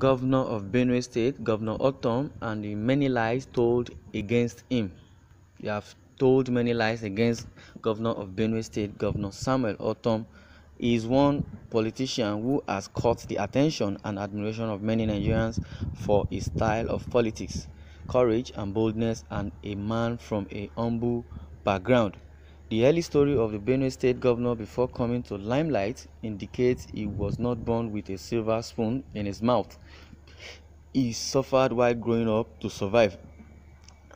governor of Benue State, Governor Otom, and the many lies told against him. You have told many lies against Governor of Benue State, Governor Samuel Otom. He is one politician who has caught the attention and admiration of many Nigerians for his style of politics, courage and boldness, and a man from a humble background. The early story of the Benue state governor before coming to limelight indicates he was not born with a silver spoon in his mouth. He suffered while growing up to survive,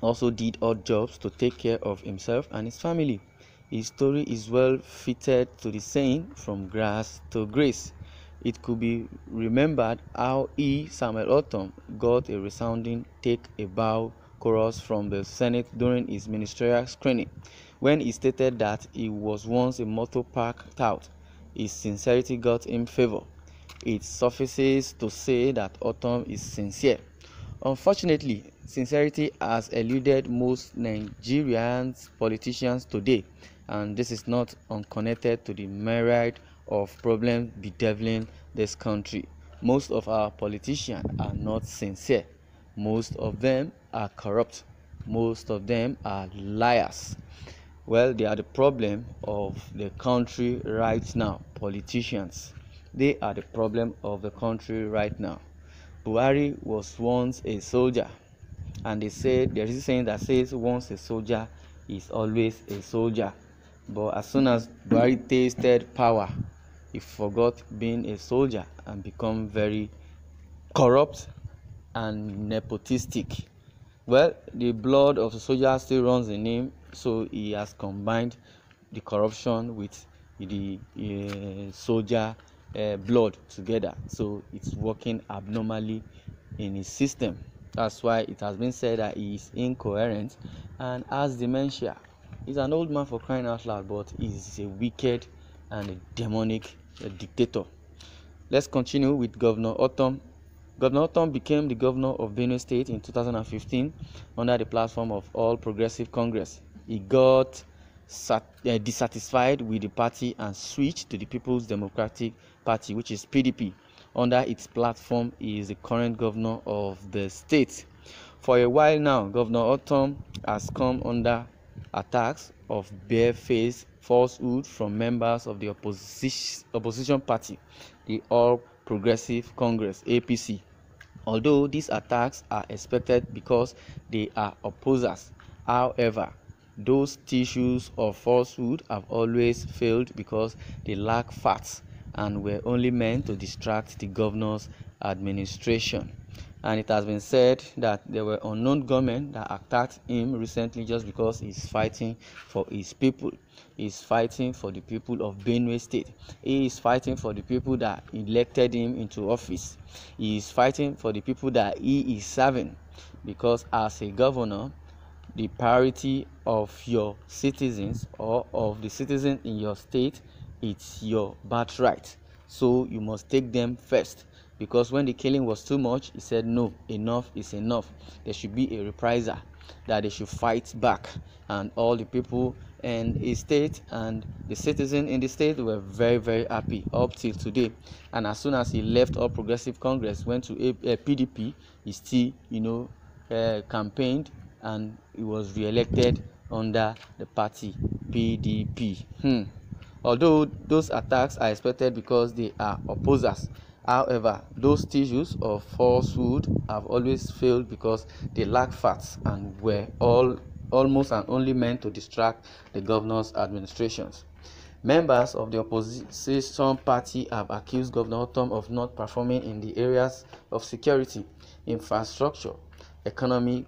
also did odd jobs to take care of himself and his family. His story is well fitted to the saying, from grass to grace. It could be remembered how E. Samuel Autumn got a resounding take a bow chorus from the Senate during his ministerial screening. When he stated that he was once a motor park tout, his sincerity got him favor. It suffices to say that Autumn is sincere. Unfortunately, sincerity has eluded most Nigerian politicians today, and this is not unconnected to the myriad of problems bedeviling this country. Most of our politicians are not sincere. Most of them are corrupt. Most of them are liars. Well, they are the problem of the country right now, politicians. They are the problem of the country right now. Buhari was once a soldier, and they said there is a saying that says once a soldier is always a soldier. But as soon as Buhari tasted power, he forgot being a soldier and become very corrupt and nepotistic well the blood of the soldier still runs in him so he has combined the corruption with the uh, soldier uh, blood together so it's working abnormally in his system that's why it has been said that he is incoherent and has dementia he's an old man for crying out loud but he's a wicked and a demonic uh, dictator let's continue with governor autumn Governor Tom became the governor of Benue State in 2015 under the platform of All Progressive Congress. He got sat, uh, dissatisfied with the party and switched to the People's Democratic Party, which is PDP. Under its platform, he is the current governor of the state. For a while now, Governor Otom has come under attacks of barefaced falsehood from members of the opposition, opposition party, the All Progressive Congress APC. Although these attacks are expected because they are opposers, however, those tissues of falsehood have always failed because they lack facts and were only meant to distract the governor's administration and it has been said that there were unknown gunmen that attacked him recently just because he's fighting for his people he's fighting for the people of benue state he is fighting for the people that elected him into office he is fighting for the people that he is serving because as a governor the priority of your citizens or of the citizens in your state it's your birthright so you must take them first because when the killing was too much, he said, No, enough is enough. There should be a reprisal, that they should fight back. And all the people in his state and the citizens in the state were very, very happy up till today. And as soon as he left All Progressive Congress, went to a, a uh, PDP, he still, you know, uh, campaigned and he was re-elected under the party PDP. Hmm. Although those attacks are expected because they are opposers However, those tissues of falsehood have always failed because they lack facts and were all almost and only meant to distract the governor's administrations. Members of the opposition party have accused Governor Tom of not performing in the areas of security, infrastructure, economy,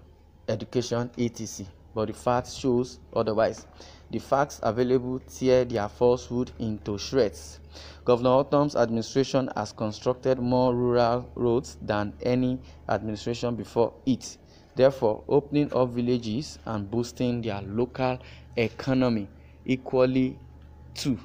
education, etc. But the fact shows otherwise. The facts available tear their falsehood into shreds. Governor Autumn's administration has constructed more rural roads than any administration before it, therefore, opening up villages and boosting their local economy equally two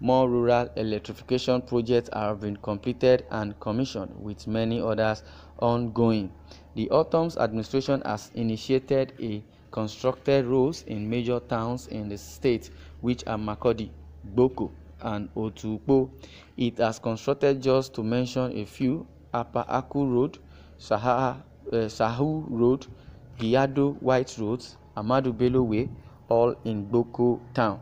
More rural electrification projects have been completed and commissioned, with many others ongoing. The Autumn's administration has initiated a constructed roads in major towns in the state, which are Makurdi, Gboko, and Otukpo. It has constructed, just to mention a few, Apaaku Road, Saha, uh, Sahu Road, Giado White Road, Amadu Bello Way, all in Gboko town.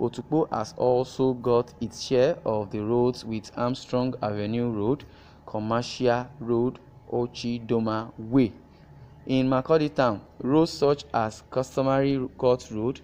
Otukpo has also got its share of the roads with Armstrong Avenue Road, Commercial Road, Ochidoma Way. In Makurdi town, roads such as customary Court Road,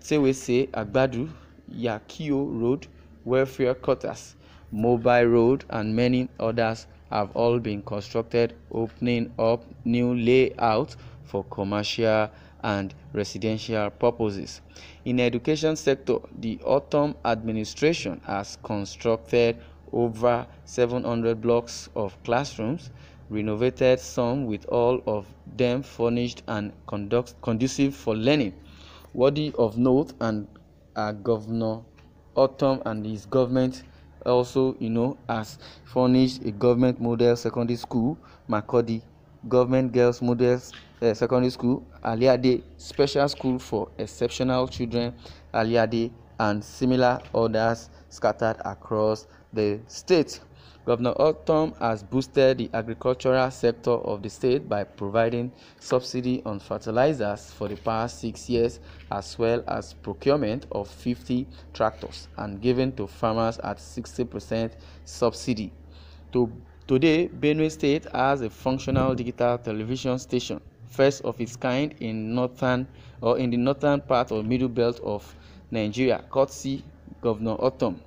Tewese Agbadu, Yakio Road, Welfare Quarters, Mobile Road and many others have all been constructed opening up new layouts for commercial and residential purposes. In education sector, the autumn administration has constructed over 700 blocks of classrooms renovated some with all of them furnished and conduct, conducive for learning. Worthy of note and our Governor Autumn and his government also, you know, has furnished a government model secondary school, Makodi government girls model uh, secondary school, Aliade special school for exceptional children, Aliade and similar orders scattered across the state. Governor Otom has boosted the agricultural sector of the state by providing subsidy on fertilizers for the past six years as well as procurement of 50 tractors and giving to farmers at 60% subsidy. To, today, Benue State has a functional digital television station, first of its kind in northern or in the northern part of middle belt of Nigeria, courtesy Governor Otom.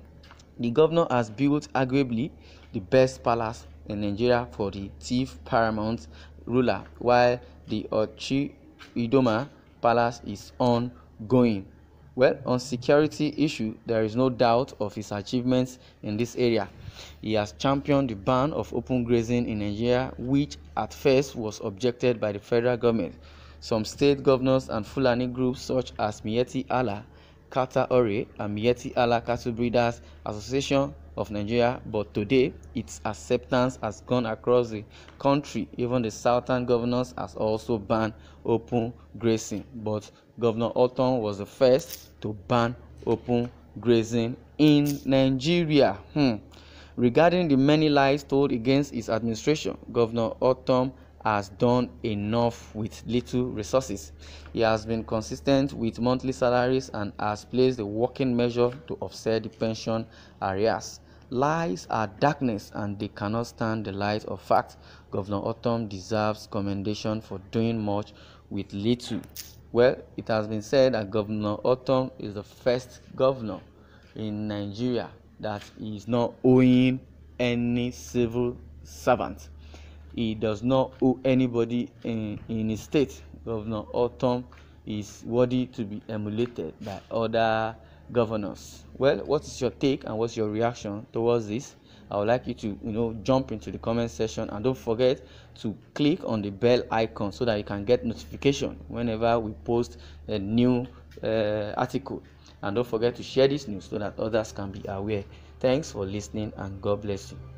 The governor has built arguably the best palace in Nigeria for the chief paramount ruler while the Idoma Palace is ongoing. Well, on security issue, there is no doubt of his achievements in this area. He has championed the ban of open grazing in Nigeria, which at first was objected by the federal government. Some state governors and Fulani groups such as Miyetti Allah Kata Ore, yeti Allah Cattle Breeders Association of Nigeria, but today its acceptance has gone across the country. Even the southern governors has also banned open grazing, but Governor Orton was the first to ban open grazing in Nigeria. Hmm. Regarding the many lies told against his administration, Governor Orton has done enough with little resources. He has been consistent with monthly salaries and has placed a working measure to offset the pension arrears. Lies are darkness and they cannot stand the light of fact. Governor Autumn deserves commendation for doing much with little. Well, it has been said that Governor Autumn is the first governor in Nigeria that is not owing any civil servant he does not owe anybody in, in his state. Governor Autumn is worthy to be emulated by other governors. Well, what is your take and what's your reaction towards this? I would like you to you know jump into the comment section and don't forget to click on the bell icon so that you can get notification whenever we post a new uh, article. And don't forget to share this news so that others can be aware. Thanks for listening and God bless you.